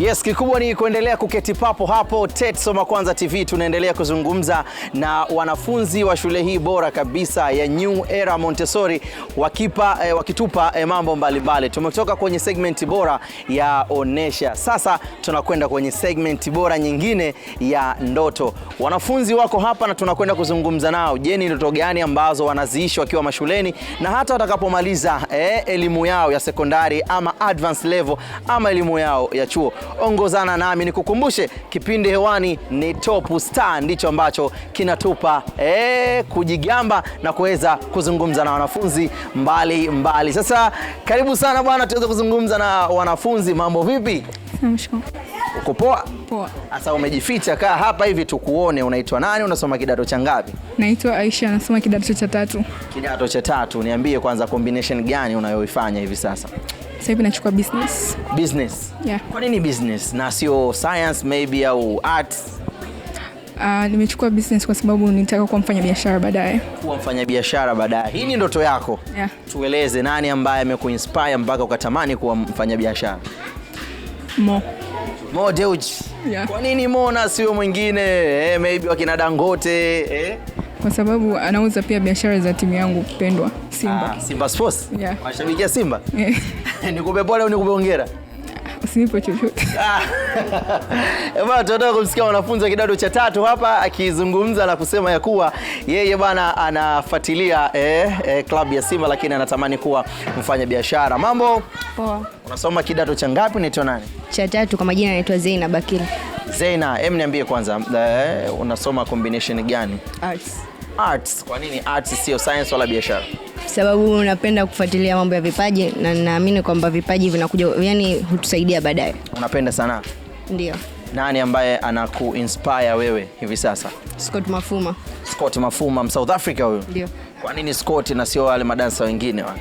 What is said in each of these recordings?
Yes, kikubwa ni kuendelea kuketi papo hapo. TET Soma Kwanza TV tunaendelea kuzungumza na wanafunzi wa shule hii bora kabisa ya New Era Montessori wakipa, eh, wakitupa eh, mambo mbalimbali. Tumetoka kwenye segmenti bora ya onesha, sasa tunakwenda kwenye segmenti bora nyingine ya ndoto. Wanafunzi wako hapa na tunakwenda kuzungumza nao. Je, ni ndoto gani ambazo wanaziishi wakiwa mashuleni na hata watakapomaliza eh, elimu yao ya sekondari ama advanced level ama elimu yao ya chuo ongozana nami nikukumbushe, kipindi hewani ni Top Star, ndicho ambacho kinatupa ee, kujigamba na kuweza kuzungumza na wanafunzi mbali mbali. Sasa karibu sana bwana, tuweze kuzungumza na wanafunzi. Mambo vipi? Uko poa? Poa. Sasa umejificha, kaa hapa hivi tukuone. Unaitwa nani? Unasoma kidato cha ngapi? Naitwa Aisha, nasoma kidato cha tatu. Kidato cha tatu, niambie kwanza combination gani unayoifanya hivi sasa? sasa hivi nachukua business. Business? Yeah. Kwa nini business na sio science maybe au arts? Uh, nimechukua business kwa sababu nitaka kuwa mfanyabiashara baadaye. Kuwa mfanyabiashara baadaye. Hii ni ndoto yako? Yeah. Tueleze nani ambaye amekuinspire mpaka ukatamani kuwa mfanyabiashara? Mo. Mo Dewji. Yeah. Kwa nini Mo na sio mwingine? Eh, maybe wakina Dangote, eh? Kwa sababu anauza pia biashara za timu yangu pendwa Simba. Ah, Simba Sports. Yeah. Mashabikia Simba? Yeah. nikupe pole au nikupe hongera? Usinipe chochote. Eh, bwana, tunataka kumsikia mwanafunzi wa kidato cha tatu hapa akizungumza na kusema ya kuwa yeye bwana anafuatilia eh, eh, klabu ya Simba lakini anatamani kuwa mfanya biashara. Mambo poa. Unasoma kidato cha ngapi? Unaitwa nani? Cha tatu. Kwa majina anaitwa Zeina Bakili. Zeina, hem, niambie kwanza eh, unasoma combination gani? Arts. Arts. Kwa nini arts sio science wala biashara? sababu napenda kufuatilia mambo ya vipaji na ninaamini kwamba vipaji vinakuja, yani hutusaidia baadaye. Unapenda sana Ndio. Nani ambaye anakuinspire wewe hivi sasa? Scott Mafuma. Scott Mafuma, South Africa huyo? Ndio. Kwa nini Scott na sio wale madansa wengine wale?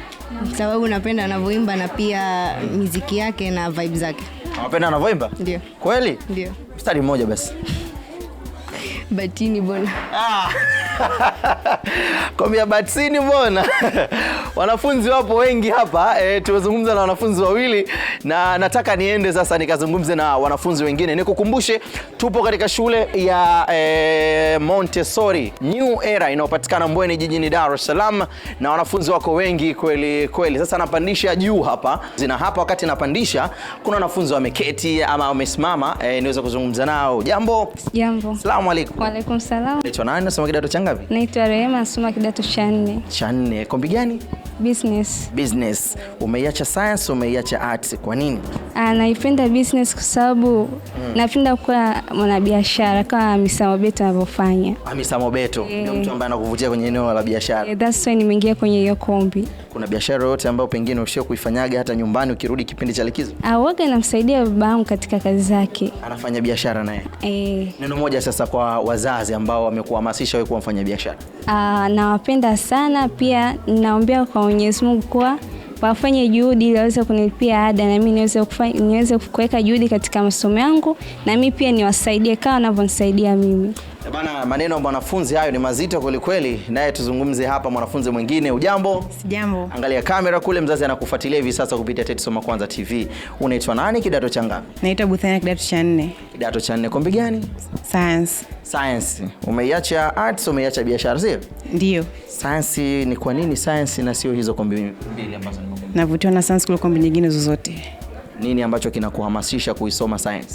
Sababu napenda anavyoimba na pia miziki yake na vibe zake. Unapenda anavyoimba? Ndio. Kweli? Ndio. Mstari mmoja basi batini bona. Ah. Kwambia batini bona Wanafunzi wapo wengi hapa e, tumezungumza na wanafunzi wawili na nataka niende sasa nikazungumze na wanafunzi wengine. Nikukumbushe tupo katika shule ya e, Montessori New Era inayopatikana Mbweni jijini Dar es Salaam na wanafunzi wako wengi kweli kweli. Sasa napandisha juu hapa zina hapa, wakati napandisha kuna wanafunzi wameketi ama wamesimama e, niweze kuzungumza nao. Jambo. Jambo. Asalamu alaykum. Wa alaykum salaam. nani? Nasoma kidato cha ngapi? Naitwa Rehema, nasoma kidato cha 4. Cha 4. Kombi gani? Business. Business. Umeiacha science, umeiacha arts kwa nini? Ah, naipenda business kwa sababu mm. napenda kuwa mwanabiashara kama Hamisa Mobeto anavyofanya. Hamisa ah, Mobeto ndio eh. mtu ambaye anakuvutia kwenye eneo la biashara. Yeah, that's why nimeingia kwenye hiyo kombi. Kuna biashara yoyote ambayo pengine ushio kuifanyaga hata nyumbani ukirudi kipindi cha likizo? Awaga ah, namsaidia babangu katika kazi zake. Anafanya biashara naye. Eh. Neno moja sasa kwa wazazi ambao wamekuhamasisha wewe kuwa mfanyabiashara. Ah, nawapenda sana pia, naombea kwa Mwenyezi Mungu kuwa wafanye juhudi ili waweze kunilipia ada na mimi niweze kufanya niweze kuweka juhudi katika masomo yangu, na mimi pia niwasaidie kama wanavyonisaidia mimi. Eh, bana, maneno ya mwanafunzi hayo ni mazito kwelikweli. Naye tuzungumze hapa mwanafunzi mwingine. Ujambo? Sijambo. Angalia kamera kule, mzazi anakufuatilia hivi sasa kupitia Teti Soma Kwanza TV. Unaitwa nani? Kidato cha ngapi? Naitwa Buthana, kidato cha nne. Kidato cha nne, kombi gani? Science. Science. Umeiacha arts, umeiacha biashara, sio? Ndio. Science ni kwa nini science na sio hizo kombi mbili ambazo nimekuambia? Navutiwa na science kuliko kombi nyingine zozote. Nini ambacho kinakuhamasisha kuisoma science?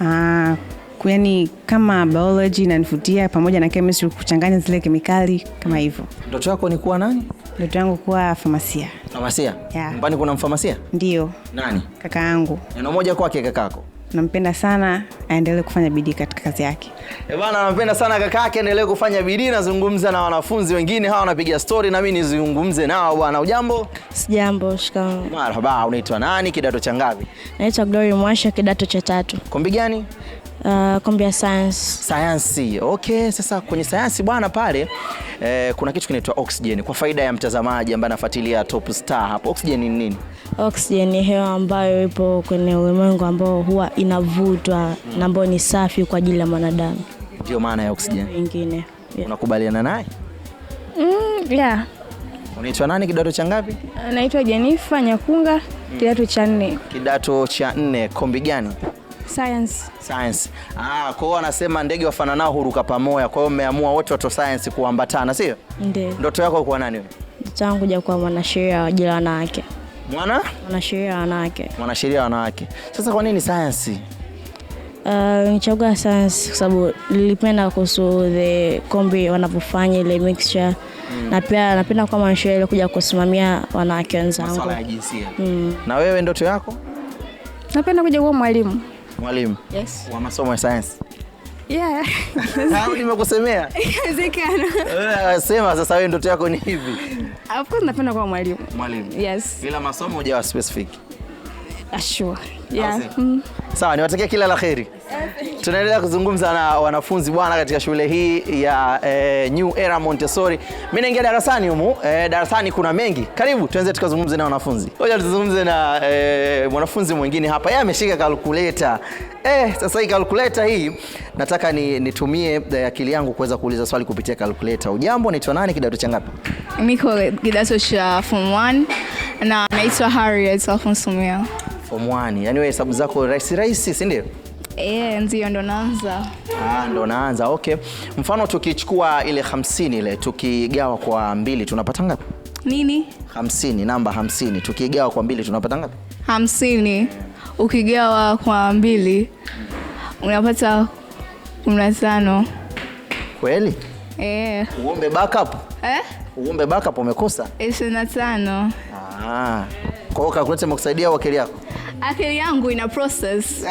Ah, yani kama biology inanivutia pamoja na chemistry, kuchanganya zile kemikali kama mm. hivyo. Ndoto yako ni kuwa nani? Ndoto yangu kuwa famasia. Famasia? Yeah. Mbani kuna mfamasia? Ndio. Nani? Kaka yangu. Neno moja kwake kakako. Nampenda sana aendelee kufanya bidii katika kazi yake. E bana, nampenda sana kaka yake, aendelee kufanya bidii. Nazungumza na wanafunzi wengine hawa, wanapiga stori na mimi nizungumze nao. Bwana, ujambo? Sijambo. Shikamoo. Marhaba. Unaitwa nani? Kidato cha ngapi? Naitwa Glory Mwasha, kidato cha tatu. Kombi gani? Uh, kombia science. Sayansi. Okay, sasa kwenye sayansi bwana pale eh, kuna kitu kinaitwa oxygen. Kwa faida ya mtazamaji ambaye anafuatilia Top Star hapo, oxygen ni nini? Oxygen ni hewa ambayo ipo kwenye ulimwengu ambao huwa inavutwa na ambayo ni safi kwa ajili ya mwanadamu. Ndio maana ya oxygen. Nyingine. Yeah. Unakubaliana naye? Mm, yeah. Unaitwa nani, kidato cha ngapi? Naitwa Jenifa Nyakunga, mm. kidato cha nne. Kidato cha nne, kombi gani? Science. Science. Ah, kwa hiyo wanasema ndege wafananao huruka pamoja. Kwa hiyo mmeamua wote watu science kuambatana, sio? Ndio. Ndoto yako kuwa nani wewe? Ndoto yangu ya kuwa mwanasheria wa wanawake. Mwana? Mwanasheria wa wanawake. Mwanasheria wa wanawake. Sasa kwa nini science? Uh, nichagua science kwa sababu nilipenda kuhusu the kombi wanavyofanya ile mixture mm. Na pia napenda kwa mwanasheria ile kuja kusimamia wanawake wenzangu. Masuala ya jinsia. Mm. Na wewe ndoto yako? Napenda kuja kuwa mwalimu. Mwalimu yes. wa masomo ya sayansi Nimekusemea? Sema sasa, wewe ndoto yako ni hivi? Of course napenda kuwa mwalimu. Mwalimu. Yes. Bila masomo hujawa specific. Ah, yeah. Sawa, niwatakia kila la kheri. Tunaendelea kuzungumza na wanafunzi bwana, katika shule hii ya eh, New Era Montessori. Mimi naingia darasani humu eh, darasani kuna mengi. Karibu tuanze tukazungumze na wanafunzi. Ngoja tuzungumze na eh, mwanafunzi mwingine hapa, yeye ameshika calculator. Eh, sasa hii calculator hii nataka ni, nitumie eh, akili yangu kuweza kuuliza swali kupitia calculator. Ujambo, naitwa nani, kidato cha ngapi? Miko kidato cha form 1 na naitwa Harriet Alfonso Mia form 1. Yaani wewe hesabu zako rahisi rahisi, si ndio? Yeah, ndio ndo naanza. Ah, ndo naanza. Okay. Mfano tukichukua ile 50 ile tukigawa kwa mbili tunapata ngapi? Nini? 50, namba 50 tukigawa kwa mbili tunapata ngapi? 50 ukigawa kwa mbili unapata 15. Kweli? Eh. Uombe backup? Eh? Uombe backup umekosa? 25. Ah. Kwa hiyo kakuleta makusaidia wakili yako? akili yangu ina process.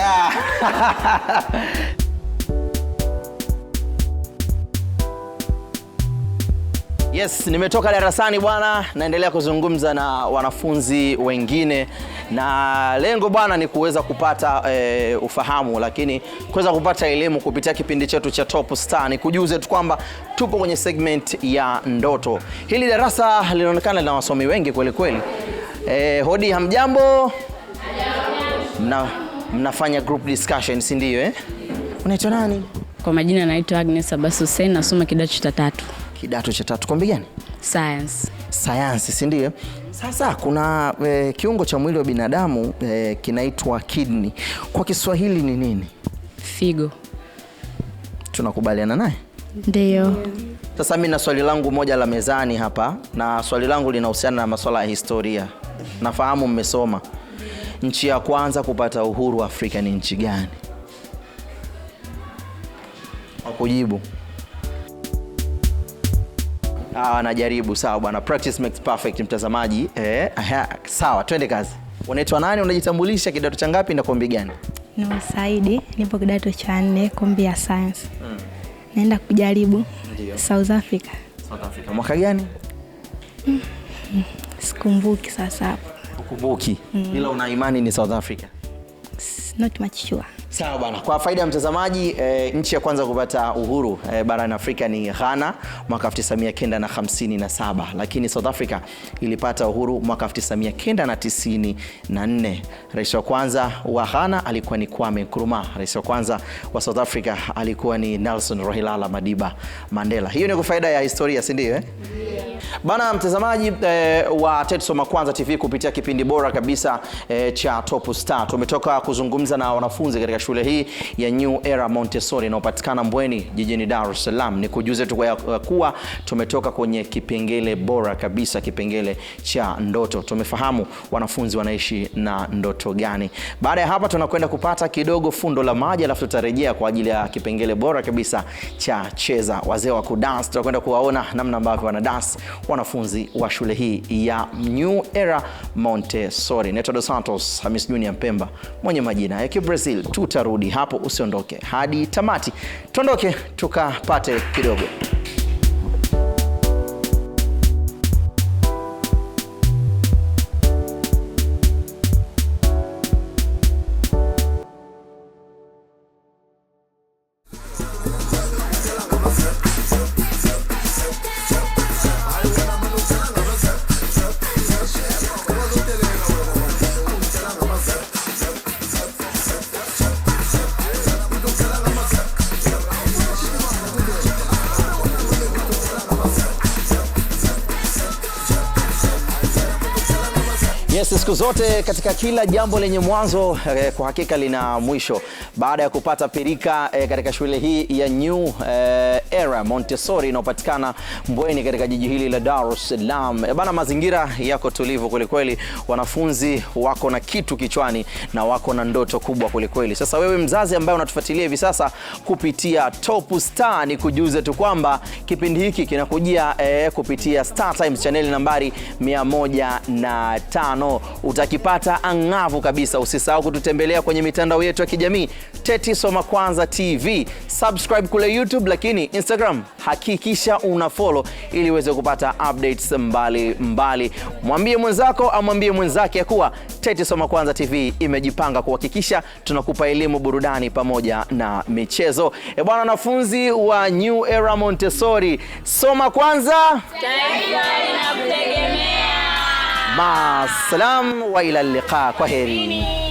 Yes, nimetoka darasani bwana, naendelea kuzungumza na wanafunzi wengine, na lengo bwana ni kuweza kupata e, ufahamu, lakini kuweza kupata elimu kupitia kipindi chetu cha Top Star. Ni kujuze tu kwamba tupo kwenye segment ya ndoto. Hili darasa linaonekana lina wasomi wengi kweli kweli. E, hodi, hamjambo? Mna, mnafanya group discussion si ndio eh? Unaitwa nani? Kwa majina naitwa Agnes Abbas Hussein, nasoma kidato cha tatu. Kidato cha tatu, kombi gani? Science. Science si ndio? Eh? Sasa kuna e, kiungo cha mwili wa binadamu e, kinaitwa kidney. Kwa Kiswahili ni nini? Figo. Tunakubaliana naye? Ndio. Sasa mimi na swali langu moja la mezani hapa, na swali langu linahusiana na masuala ya historia. Nafahamu mmesoma nchi ya kwanza kupata uhuru Afrika ni nchi gani? kujibu Ah, najaribu. Sawa bwana, practice makes perfect mtazamaji. Eh, sawa, twende kazi. Unaitwa nani? Unajitambulisha, kidato cha ngapi na kombi gani? ni Saidi, nipo kidato cha nne, kombi ya science. Mm. Naenda kujaribu Ndiyo. South Africa. South Africa. Mwaka gani? Mm. mm. Sikumbuki sasa hapo ukumbuki, mm. ila una imani ni South Africa? Not much sure. Sawa bana, kwa faida ya mtazamaji e, nchi ya kwanza kupata uhuru e, barani Afrika ni Ghana mwaka 1957, lakini South Africa ilipata uhuru mwaka 1994. Rais wa kwanza wa Ghana alikuwa ni Kwame Nkrumah. Rais wa kwanza wa South Africa alikuwa ni Nelson Rolihlahla Madiba Mandela. Hiyo ni kwa faida ya historia, si ndio eh? Bana mtazamaji e, wa Tet Soma Kwanza TV kupitia kipindi bora kabisa e, cha Top Star tumetoka kuzungumza na wanafunzi katika ya shule hii ya New Era Montessori inayopatikana Mbweni jijini Dar es Salaam. Ni kujuze tu kuwa tumetoka kwenye kipengele bora kabisa, kipengele cha ndoto. Tumefahamu wanafunzi wanaishi na ndoto gani. Baada ya hapa, tunakwenda kupata kidogo fundo la maji, alafu tutarejea kwa ajili ya kipengele bora kabisa cha cheza. Wazee wa kudance, tutakwenda kuwaona namna ambavyo wana dance wanafunzi wa shule hii ya New Era Montessori. Neto Dos Santos, Hamis Junior Mpemba, mwenye majina ya Kibrazil tu utarudi hapo, usiondoke hadi tamati. Tuondoke tukapate kidogo. Yes, siku zote katika kila jambo lenye mwanzo eh, kwa hakika lina mwisho. Baada ya kupata pirika eh, katika shule hii ya New eh, Era Montessori inayopatikana Mbweni katika jiji hili la Dar es Salaam. Eh, bana, mazingira yako tulivu kwelikweli, wanafunzi wako na kitu kichwani na wako na ndoto kubwa kwelikweli. Sasa wewe mzazi ambaye unatufuatilia hivi sasa kupitia Top Star, ni kujuze tu kwamba kipindi hiki kinakujia eh, kupitia Star Times channel nambari 105 tano utakipata ang'avu kabisa. Usisahau kututembelea kwenye mitandao yetu ya kijamii Teti Soma Kwanza TV, subscribe kule YouTube, lakini Instagram hakikisha una follow ili uweze kupata updates mbali mbali. Mwambie mwenzako amwambie mwenzake kuwa Teti Soma Kwanza TV imejipanga kuhakikisha tunakupa elimu, burudani pamoja na michezo. E bwana, wanafunzi wa New Era Montessori, soma kwanza, taifa linakutegemea. مع السلام والى اللقاء كهيري